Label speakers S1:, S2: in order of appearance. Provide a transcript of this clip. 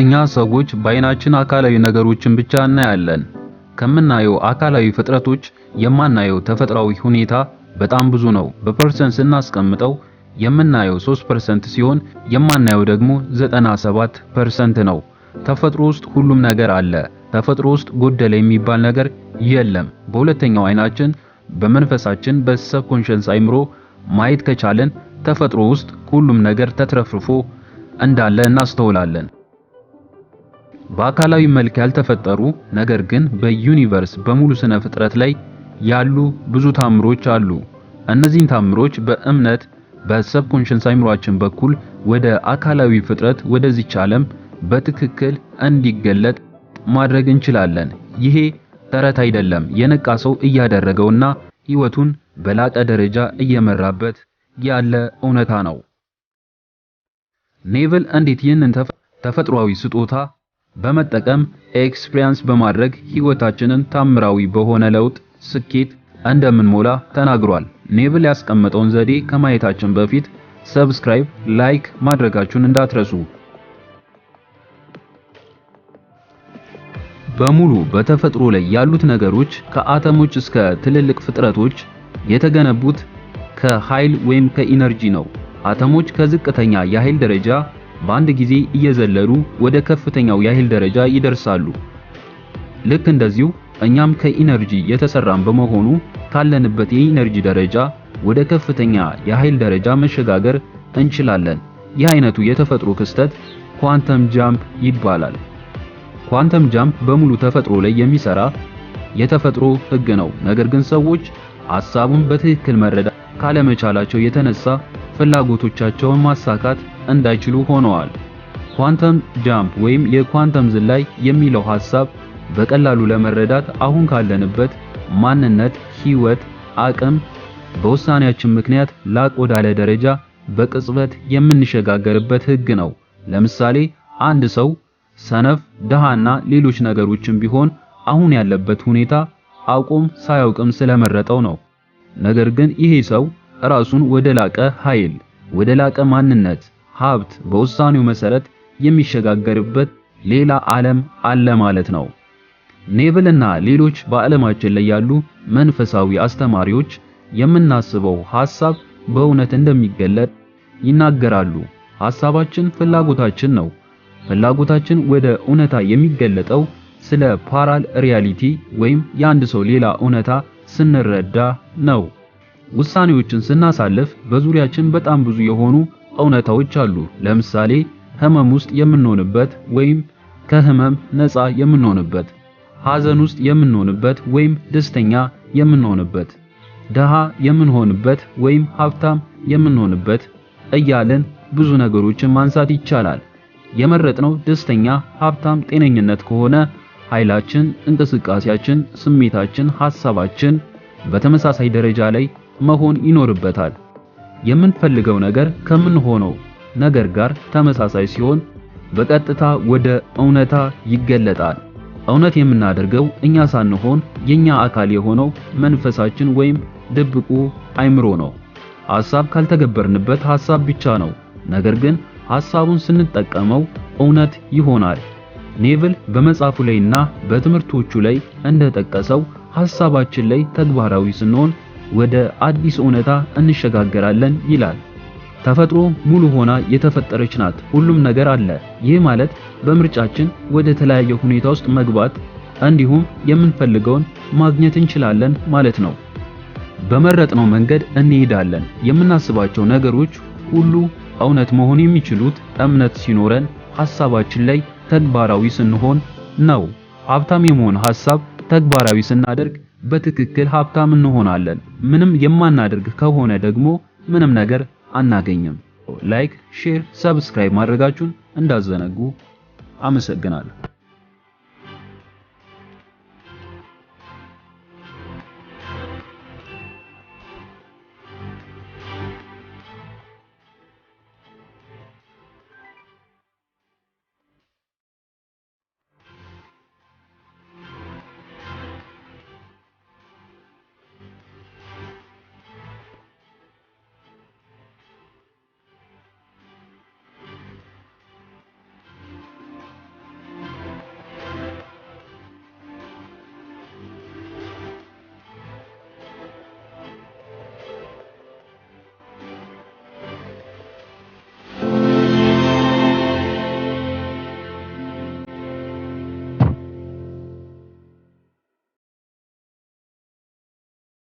S1: እኛ ሰዎች በአይናችን አካላዊ ነገሮችን ብቻ እናያለን። ከምናየው አካላዊ ፍጥረቶች የማናየው ተፈጥሯዊ ሁኔታ በጣም ብዙ ነው። በፐርሰንት ስናስቀምጠው የምናየው 3% ሲሆን የማናየው ደግሞ 97% ነው። ተፈጥሮ ውስጥ ሁሉም ነገር አለ። ተፈጥሮ ውስጥ ጎደለ የሚባል ነገር የለም። በሁለተኛው አይናችን በመንፈሳችን በሰብኮንሸንስ አይምሮ ማየት ከቻለን ተፈጥሮ ውስጥ ሁሉም ነገር ተትረፍርፎ እንዳለ እናስተውላለን። በአካላዊ መልክ ያልተፈጠሩ ነገር ግን በዩኒቨርስ በሙሉ ስነ ፍጥረት ላይ ያሉ ብዙ ታምሮች አሉ። እነዚህን ታምሮች በእምነት በሰብኮንሽንስ አይምሯችን በኩል ወደ አካላዊ ፍጥረት ወደዚች ዓለም በትክክል እንዲገለጥ ማድረግ እንችላለን። ይሄ ተረት አይደለም፣ የነቃ ሰው እያደረገውና ህይወቱን በላቀ ደረጃ እየመራበት ያለ እውነታ ነው። ኔቭል እንዴት ይህንን ተፈጥሯዊ ስጦታ በመጠቀም ኤክስፒሪያንስ በማድረግ ህይወታችንን ታምራዊ በሆነ ለውጥ፣ ስኬት እንደምንሞላ ተናግሯል። ኔብል ያስቀመጠውን ዘዴ ከማየታችን በፊት ሰብስክራይብ፣ ላይክ ማድረጋችሁን እንዳትረሱ። በሙሉ በተፈጥሮ ላይ ያሉት ነገሮች ከአተሞች እስከ ትልልቅ ፍጥረቶች የተገነቡት ከኃይል ወይም ከኢነርጂ ነው። አተሞች ከዝቅተኛ የኃይል ደረጃ በአንድ ጊዜ እየዘለሉ ወደ ከፍተኛው የኃይል ደረጃ ይደርሳሉ። ልክ እንደዚሁ እኛም ከኢነርጂ የተሰራን በመሆኑ ካለንበት የኢነርጂ ደረጃ ወደ ከፍተኛ የኃይል ደረጃ መሸጋገር እንችላለን። ይህ አይነቱ የተፈጥሮ ክስተት ኳንተም ጃምፕ ይባላል። ኳንተም ጃምፕ በሙሉ ተፈጥሮ ላይ የሚሰራ የተፈጥሮ ህግ ነው። ነገር ግን ሰዎች ሐሳቡን በትክክል መረዳት ካለመቻላቸው የተነሳ ፍላጎቶቻቸውን ማሳካት እንዳይችሉ ሆነዋል። ኳንተም ጃምፕ ወይም የኳንተም ዝላይ የሚለው ሐሳብ በቀላሉ ለመረዳት አሁን ካለንበት ማንነት፣ ህይወት፣ አቅም በውሳኔያችን ምክንያት ላቅ ወዳለ ደረጃ በቅጽበት የምንሸጋገርበት ህግ ነው። ለምሳሌ አንድ ሰው ሰነፍ፣ ደሃና ሌሎች ነገሮችን ቢሆን አሁን ያለበት ሁኔታ አውቆም ሳያውቅም ስለመረጠው ነው። ነገር ግን ይሄ ሰው ራሱን ወደ ላቀ ኃይል፣ ወደ ላቀ ማንነት፣ ሀብት በውሳኔው መሰረት የሚሸጋገርበት ሌላ ዓለም አለ ማለት ነው። ኔብልና ሌሎች በዓለማችን ላይ ያሉ መንፈሳዊ አስተማሪዎች የምናስበው ሐሳብ በእውነት እንደሚገለጥ ይናገራሉ። ሐሳባችን ፍላጎታችን ነው። ፍላጎታችን ወደ እውነታ የሚገለጠው ስለ ፓራል ሪያሊቲ ወይም የአንድ ሰው ሌላ እውነታ ስንረዳ ነው። ውሳኔዎችን ስናሳልፍ በዙሪያችን በጣም ብዙ የሆኑ እውነታዎች አሉ። ለምሳሌ ህመም ውስጥ የምንሆንበት ወይም ከህመም ነፃ የምንሆንበት፣ ሐዘን ውስጥ የምንሆንበት ወይም ደስተኛ የምንሆንበት፣ ደሃ የምንሆንበት ወይም ሀብታም የምንሆንበት እያልን ብዙ ነገሮችን ማንሳት ይቻላል። የመረጥነው ደስተኛ፣ ሀብታም፣ ጤነኝነት ከሆነ ኃይላችን፣ እንቅስቃሴያችን፣ ስሜታችን፣ ሐሳባችን በተመሳሳይ ደረጃ ላይ መሆን ይኖርበታል። የምንፈልገው ነገር ከምንሆነው ነገር ጋር ተመሳሳይ ሲሆን በቀጥታ ወደ እውነታ ይገለጣል። እውነት የምናደርገው እኛ ሳንሆን የኛ አካል የሆነው መንፈሳችን ወይም ድብቁ አይምሮ ነው። ሐሳብ ካልተገበርንበት ሐሳብ ብቻ ነው። ነገር ግን ሐሳቡን ስንጠቀመው እውነት ይሆናል። ኔቭል በመጽሐፉ ላይና በትምህርቶቹ ላይ እንደጠቀሰው ሐሳባችን ላይ ተግባራዊ ስንሆን ወደ አዲስ እውነታ እንሸጋገራለን ይላል። ተፈጥሮ ሙሉ ሆና የተፈጠረች ናት። ሁሉም ነገር አለ። ይህ ማለት በምርጫችን ወደ ተለያየ ሁኔታ ውስጥ መግባት እንዲሁም የምንፈልገውን ማግኘት እንችላለን ማለት ነው። በመረጥነው መንገድ እንሄዳለን። የምናስባቸው ነገሮች ሁሉ እውነት መሆን የሚችሉት እምነት ሲኖረን፣ ሐሳባችን ላይ ተግባራዊ ስንሆን ነው። ሀብታም የመሆን ሐሳብ ተግባራዊ ስናደርግ በትክክል ሀብታም እንሆናለን። ምንም የማናደርግ ከሆነ ደግሞ ምንም ነገር አናገኝም። ላይክ፣ ሼር፣ ሰብስክራይብ ማድረጋችሁን እንዳዘነጉ አመሰግናለሁ።